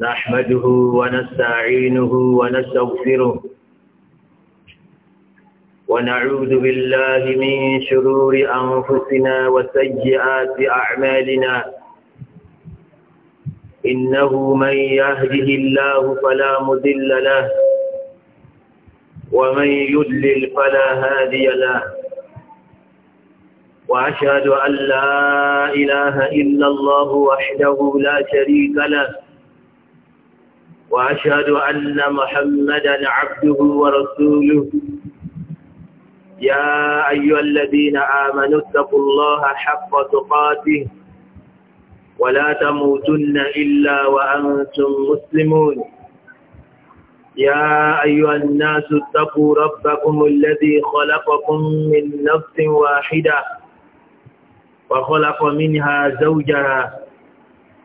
نحمده ونستعينه ونستغفره ونعوذ بالله من شرور أنفسنا وسيئات أعمالنا إنه من يهده الله فلا مذل له ومن يدلل فلا هادي له وأشهد أن لا إله إلا الله وحده لا شريك له وأشهد أن محمدًا عبده ورسوله يا أيها الذين آمنوا اتقوا الله حق تقاته ولا تموتن إلا وأنتم مسلمون يا أيها الناس اتقوا ربكم الذي خلقكم من نفس واحدة وخلق منها زوجها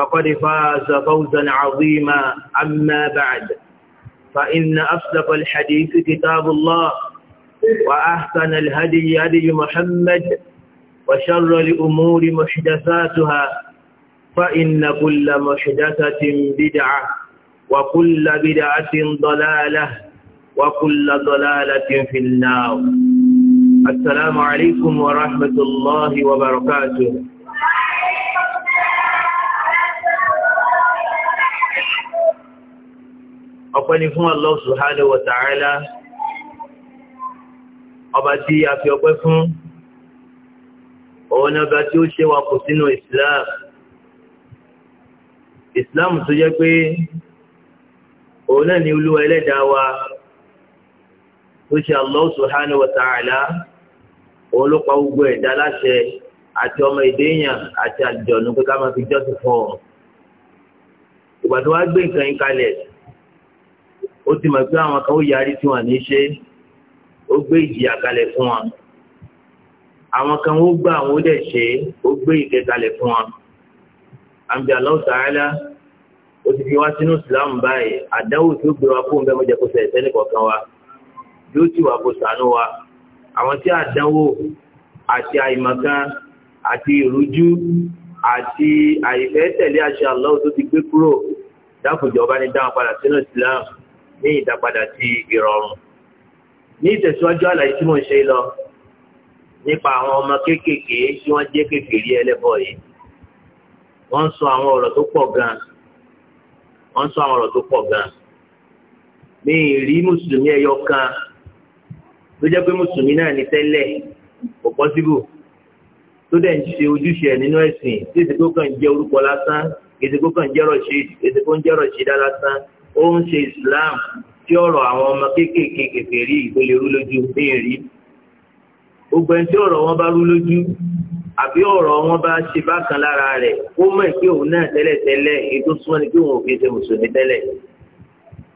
فقد فاز فوزا عظيما أما بعد فإن أصدق الحديث كتاب الله وأحسن الهدي هدي محمد وشر الأمور محدثاتها فإن كل محدثة بدعة وكل بدعة ضلالة وكل ضلالة في النار السلام عليكم ورحمة الله وبركاته ọpẹ́ ni fún Allah subhanahu wa ta'ala ọba tí a fi ọpẹ́ fún òun ọba tí ó ṣe wa kù sínú islam islam tó jẹ́ pé òun náà ni olúwa ẹlẹ́dàá wa tó ṣe Allah subhanahu wa òun ló pa gbogbo ẹ̀dá láṣẹ àti ọmọ èdè èèyàn àti àjọ̀nù pé ká máa fi jọ́sìn fún ọ ìgbà tó wá gbé nǹkan yín kalẹ̀ ó ti mọ̀ pé àwọn kan ó yarí tí wọ́n ní ṣe ó gbé ìjìyà kalẹ̀ fún wọn àwọn kan ó gbà àwọn ó dẹ̀ ṣe ó gbé ìkẹ́ kalẹ̀ fún wọn àǹbí aláwùsáálá ó ti fi wá sínú ìsìlámù báyìí àdáwò tí ó gbé wa fóun bẹ́ẹ̀ mọ́jẹ́ kó sẹ̀ sẹ́ni kọ̀ọ̀kan wa yóò tì wá kó sànú wa àwọn tí àdánwò àti àìmọ̀kan àti ìrújú àti àìfẹ́ tẹ̀lé àṣẹ aláwò tó ti gbé kúrò dákùjọba ní dáhùn padà sínú ìsìlámù ní ìdápadà sí ìrọ̀rùn ní ìtẹ̀síwájú àlàyé tí mò ń ṣe lọ nípa àwọn ọmọ kéékèèké tí wọ́n jẹ́ kékeré ẹlẹ́bọ̀ yìí wọ́n ń sọ àwọn ọ̀rọ̀ tó pọ̀ gan wọ́n ń sọ àwọn ọ̀rọ̀ tó pọ̀ gan mi ì rí mùsùlùmí ẹyọ kan tó jẹ́ pé mùsùlùmí náà ní tẹ́lẹ̀ kò pọ́síbù tó dẹ̀ ń ṣe ojúṣe ẹ̀ nínú ẹ̀sìn tí èsì kó jẹ́ orúkọ lásán èsì kó jẹ́ rọ̀ṣídì èsì kó ń jẹ́ rọ̀ṣídà lásán ó ṣe islam tí ọ̀rọ̀ àwọn ọmọ kéékèèké kèfèrí tó lè rú lójú béèrè gbogbo ẹni tí ọ̀rọ̀ wọn bá rú lójú àbí ọ̀rọ̀ wọn bá ṣe bákan lára rẹ̀ ó mọ̀ pé òun náà tẹ́lẹ̀tẹ́lẹ̀ ètò súnmọ́ ni pé òun ò fi ṣe mùsùlùmí tẹ́lẹ̀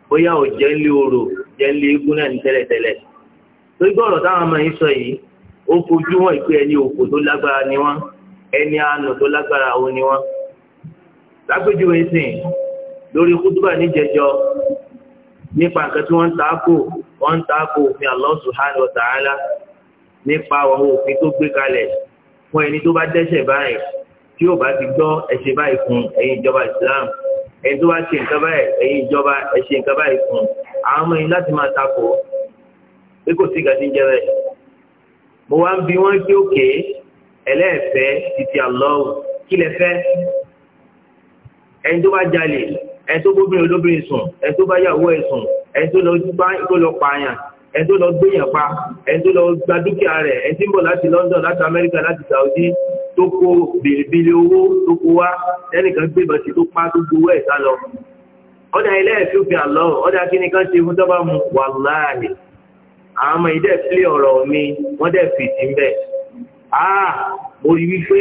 bóyá ò jẹ́ ń lé orò jẹ́ ń lé eégún náà ní tẹ́lẹ̀tẹ́lẹ̀ torí gbọ́dọ̀ táwọn ọmọ yìí sọ yìí ó fojú wọn ìpè ẹni òkò tó lágbára ni wọn ẹni àánú tó lágbára òun ni wọn lágbèjúwe sìn lórí kútúbà níjẹjọ nípa nǹkan tí wọ́n ń taako wọ́n ń taako òfin Allah subhanahu wa ta'ala nípa àwọn òfin tó gbé kalẹ̀ fún ẹni tó bá dẹ́ṣẹ̀ báyìí tí yóò bá ti gbọ́ ẹ̀ṣẹ̀ báyìí fún ẹ̀yin ìjọba Islam ẹni tó bá ṣe nǹkan báyìí ẹ̀yin ìjọba ẹ̀ṣẹ̀ nǹkan báyìí fún àwọn ọmọ yìí láti máa taako pé kò sí gàdí jẹ bẹ́ẹ̀. mo wá ń bi wọ́n kí òkè ẹlẹ́ẹ̀fẹ́ títí Allah kí lẹ fẹ́ ẹni tó bá jalè ẹ tó gbóbìnrin olóbìnrin sùn ẹ tó bá yàwó ẹ ẹ tó lọ gbá tó lọ pààyàn ẹ tó lọ gbéyàn ẹ tó lọ gba dúkìá ẹ tí bọ̀ láti London láti america láti Saudi tó kó bèrèbèrè owó tó kó wá ẹnìkan gbé bàtí tó pa tó gbowó sá lọ. ọ̀dà ilé ẹ̀fí òfin àlọ́ ọ̀dà kíni kan ṣe fún tọ́ba mu àwọn ọmọ fi ọ̀rọ̀ mi wọ́n a mo rí wípé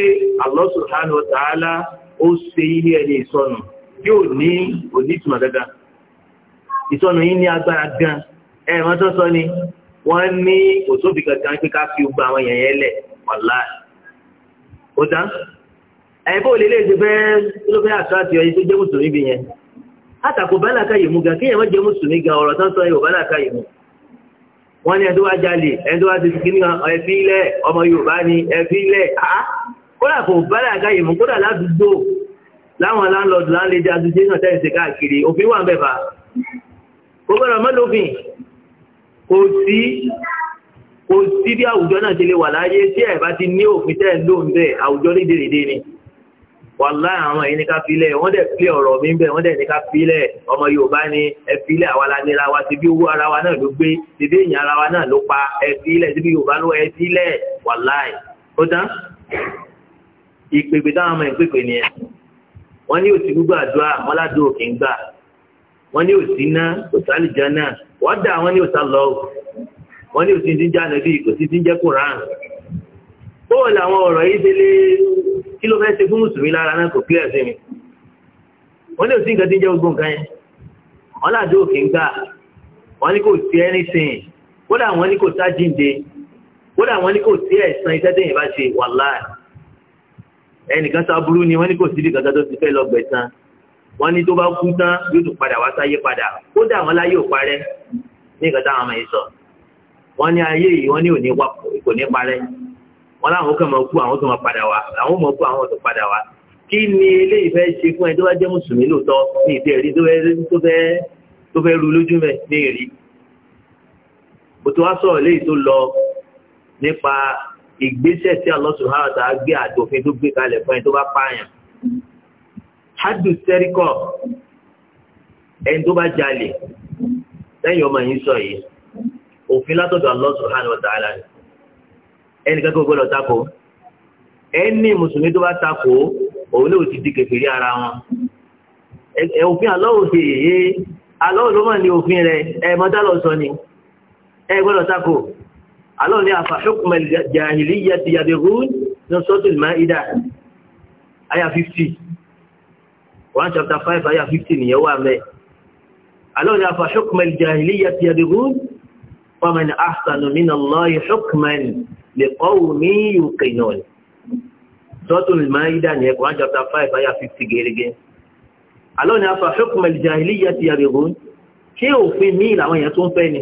ó ṣe ilé tí ò ní onítùmọ̀ gángan ìsọnù yìí ní agbára gan ẹ wọn tó sọ ni wọn ní òtóbi kankan pé ká fi gba àwọn yẹn yẹn lẹ wàlá ó tán ẹ bó lè léèdè fẹ ló fẹ àṣọ àti ọyẹ tó jẹ mùsùlùmí bí yẹn àtàkùn bá làkà yìí mú gan kéèyàn má jẹ mùsùlùmí gan ọ̀rọ̀ tó ń sọ yìí ò bá làkà yìí mú wọn ní ẹni tó wá jalè ẹni tó wá ti kí nìkan ẹ fi lẹ ọmọ Yorùbá ni ẹ fi lẹ á kódà láwọn landlord landlady association tẹ́ ìṣe káàkiri òfin wà bẹ́ẹ̀ bá kò gbọ́dọ̀ mọ́lòfin kò sí kò sí bí àwùjọ náà ti lè wà láyé tí ẹ̀ bá ti ní òfin tẹ́ ẹ̀ ló ń àwùjọ ní dèrèdè ni wàlá àwọn yìí ní ká filẹ̀ wọ́n dẹ̀ filẹ̀ ọ̀rọ̀ mi bẹ̀ wọ́n dẹ̀ ní ká filẹ̀ ọmọ Yorùbá ni ẹ filẹ̀ àwa la nira wa síbi owó ara wa náà ló gbé síbi èèyàn ara wa náà ló pa ẹ filẹ̀ síbi Yorùbá ló ẹ filẹ̀ wàlá ẹ̀ ó tán ìpèpè táwọn ọmọ ìpèpè nìyẹn. wọ́n ní òsì gbogbo àdúrà wọ́n ládò òkè ń gbà wọ́n ní òsì ná òsì náà wọ́n dà wọ́n ní òsì àlọ́ wọ́n ní òsì ti ń ti ń jẹ́ làwọn ọ̀rọ̀ yìí délé kí ló fẹ́ ṣe fún lára náà kò mi wọ́n ní òsì nǹkan ti gbogbo nǹkan yẹn wọ́n òkè ń gbà wọ́n ní kò sí kódà wọ́n ní kò ẹnìkan sábúrú ni wọ́n ní kò síbi kankan tó ti fẹ́ lọ gbẹ̀san wọ́n ní tó bá kú tán yóò tún padà wá sáyé padà kódà wọn láyé ò parẹ́ ní ìkàtà àwọn ọmọ yìí sọ wọ́n ní ayé yìí wọ́n ní òní kò ní parẹ́ wọ́n láwọn kan máa kú àwọn tó máa padà wá àwọn máa kú àwọn tó padà wá kí ni eléyìí fẹ́ ṣe fún ẹ tó bá jẹ́ mùsùlùmí lóòótọ́ ní ìfẹ́ rí tó fẹ́ ru lójú mẹ́ ní ìrí ìgbésẹ̀ tí Allah subhanahu wa ta'ala gbé àdófin tó gbé kalẹ̀ fún ẹni tó bá pààyàn hadu sẹ́ríkọ̀ ẹni tó bá jalè lẹ́yìn ọmọ yìí sọ yìí òfin látọ̀dọ̀ Allah subhanahu wa ta'ala ni ẹnì kẹ́kọ̀ọ́ gbọ́dọ̀ tako ẹni mùsùlùmí tó bá tako òun ló ti di kèfèrí ara wọn òfin Allah ṣe yèyé Allah ló mọ̀ ní òfin rẹ̀ ẹ̀ mọ́tà lọ sọ ni ẹ gbọ́dọ̀ tako alọ́ni àfàṣọ́kùnmọ̀ jahiliya ti yàdìrún ní sọ́tùl Maida aya 50 1 chapter 5 aya 50 ni yẹwà mẹ́ alọ́ni àfàṣọ́kùnmọ̀ jahiliya ti yàdìrún faman ahsanu minallahi hukman liqawmin yuqinun sọ́tùl Maida ni ẹ̀kọ́ 1 chapter 5 aya 50 gẹ́gẹ́ alọ́ni àfàṣọ́kùnmọ̀ jahiliya ti yàdìrún ṣé òfin míì làwọn èèyàn tó ń fẹ́ ni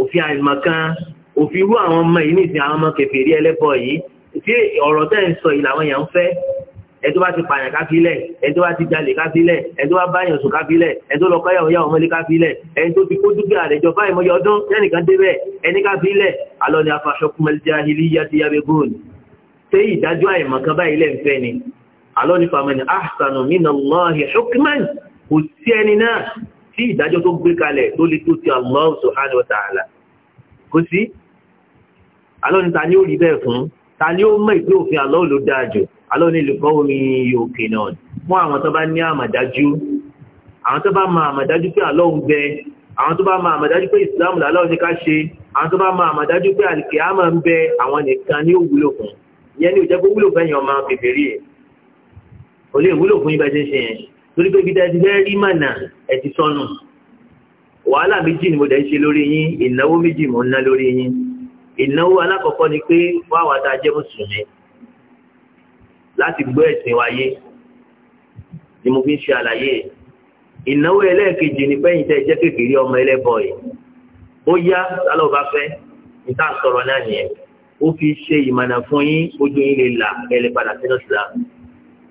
òfin àìmọ̀kan òfin irú àwọn ọmọ yìí nìsín àwọn ọmọ kèfèrí ẹlẹ́bọ yìí tí ọ̀rọ̀ tẹ́ ń sọ yìí làwọn èèyàn ń fẹ́ ẹ tó bá ti pààyàn káfílẹ̀ ẹ tó bá ti jalè káfílẹ̀ ẹ tó bá báyàn sùn káfílẹ̀ ẹ tó lọ káyàwó yàwó mọ́lé káfílẹ̀ ẹ tó ti kó dúkìá rẹ̀ jọ báyìí mọ́yọ ọdún yẹ́nìkan débẹ̀ ẹni káfílẹ̀ alọ́ ni afasọkùnmẹ́lì jahili yàtí yàbẹ̀ gòn ṣé ìdájọ́ àìmọ̀kan báyìí lẹ́ ń fẹ́ ni alọ́ ni famani ahsanu minallahi Allah alọ́ni ta ni ó rí bẹ́ẹ̀ fún ta ni ó mọ̀ ìpé òfin àlọ́ ló dáa jù alọ́ni olùkọ́ omi òkè náà fún àwọn tó bá ní àmàdájú àwọn tó bá mọ àmàdájú pé àlọ́ ń bẹ àwọn tó bá mọ àmàdájú pé ìsìlámù làlọ́ ní ká ṣe àwọn tó bá mọ àmàdájú pé àlìkè á máa ń bẹ àwọn nìkan ní òwúlò fún ìyẹn ní òjẹ́ pé wúlò fẹ́yìn ọmọ bèbèrè ẹ̀ kò lè wúlò fún ibà ṣe yẹn torí pé bíi dájú rí mànà ẹ̀ ti sọnù wàhálà méjì ni mo dẹ̀ ń ṣe lórí yín ìnáwó méjì mo ń ná lórí yín ìnáwó alákọ̀ọ́kọ́ ni pé wá wá tá jẹ́ mùsùlùmí láti gbọ́ ẹ̀sìn wáyé ni mo fi ń ṣe àlàyé ìnáwó ẹlẹ́ẹ̀kejì ni pẹ́yìn tẹ́ jẹ́ kékeré ọmọ ẹlẹ́bọ̀ yìí ó yá sálọ̀ bá fẹ́ níta sọ̀rọ̀ náà nìyẹn ó fi ṣe ìmọ̀nà fún yín ojú yín lè là ẹlẹ́ padà sínú ìlà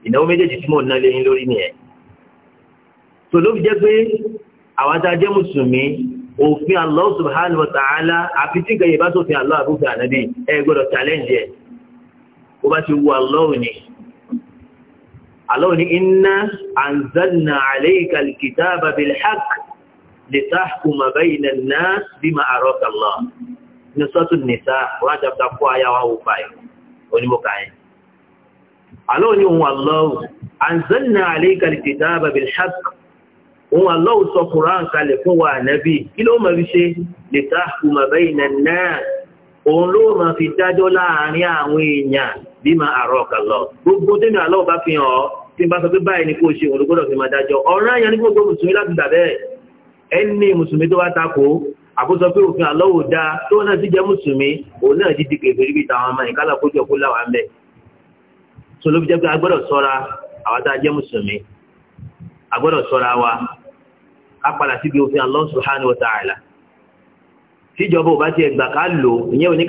ìnáwó méjèèjì tí mò ń ná lé yín lórí nìyẹn tòló fi jẹ́ pé àwọn tá mùsùlùmí òfin Allah subhanahu wa ta'ala àfi tí gẹ̀yẹ̀ bá sòfin Allah àbúfin ànábì ẹ gbọ́dọ̀ challenge ẹ̀ ó bá ti wu Allah ni Allah ni inna anzalna alayka al-kitaba bil-haqq litahkuma bayna an-nas bima araka Allah ní sọ́tún nìta wọ́n ti ta kó ayáwá wò báyìí onímọ̀ká yẹn. Allah ni òun Allah anzalna alayka al-kitaba bil-haqq òun Allah sọ Quran kalẹ̀ fún wa ànábì kí ló máa fi ṣe lè ta kùmà bẹ́yìn náà òun ló máa fi dájọ́ láàrin àwọn èèyàn bí máa àrọ̀ ọ̀kà lọ gbogbo tẹ́mi Allah bá fi hàn ọ́ tí n bá sọ pé báyìí ni kò ṣe òun ló gbọ́dọ̀ fi máa dájọ́ ọ̀ràn yẹn ní gbogbo mùsùlùmí láti gbà bẹ́ẹ̀ ẹni mùsùlùmí tó bá takò àkóso pé òfin Allah ò tó náà ti jẹ́ mùsùlùmí òun náà ti di kèfèrí bíi tàwọn ọmọ ìkálà kójú ọkọ láwa ń tó ló fi jẹ́ pé a gbọ́dọ̀ ṣọ́ra tá a jẹ́ mùsùlùmí a gbọ́dọ̀ wa á padà síbi òfin Allah subhanahu wa ta'ala tíjọba ò bá tiẹ̀ gbà ká lò ìyẹn ò ní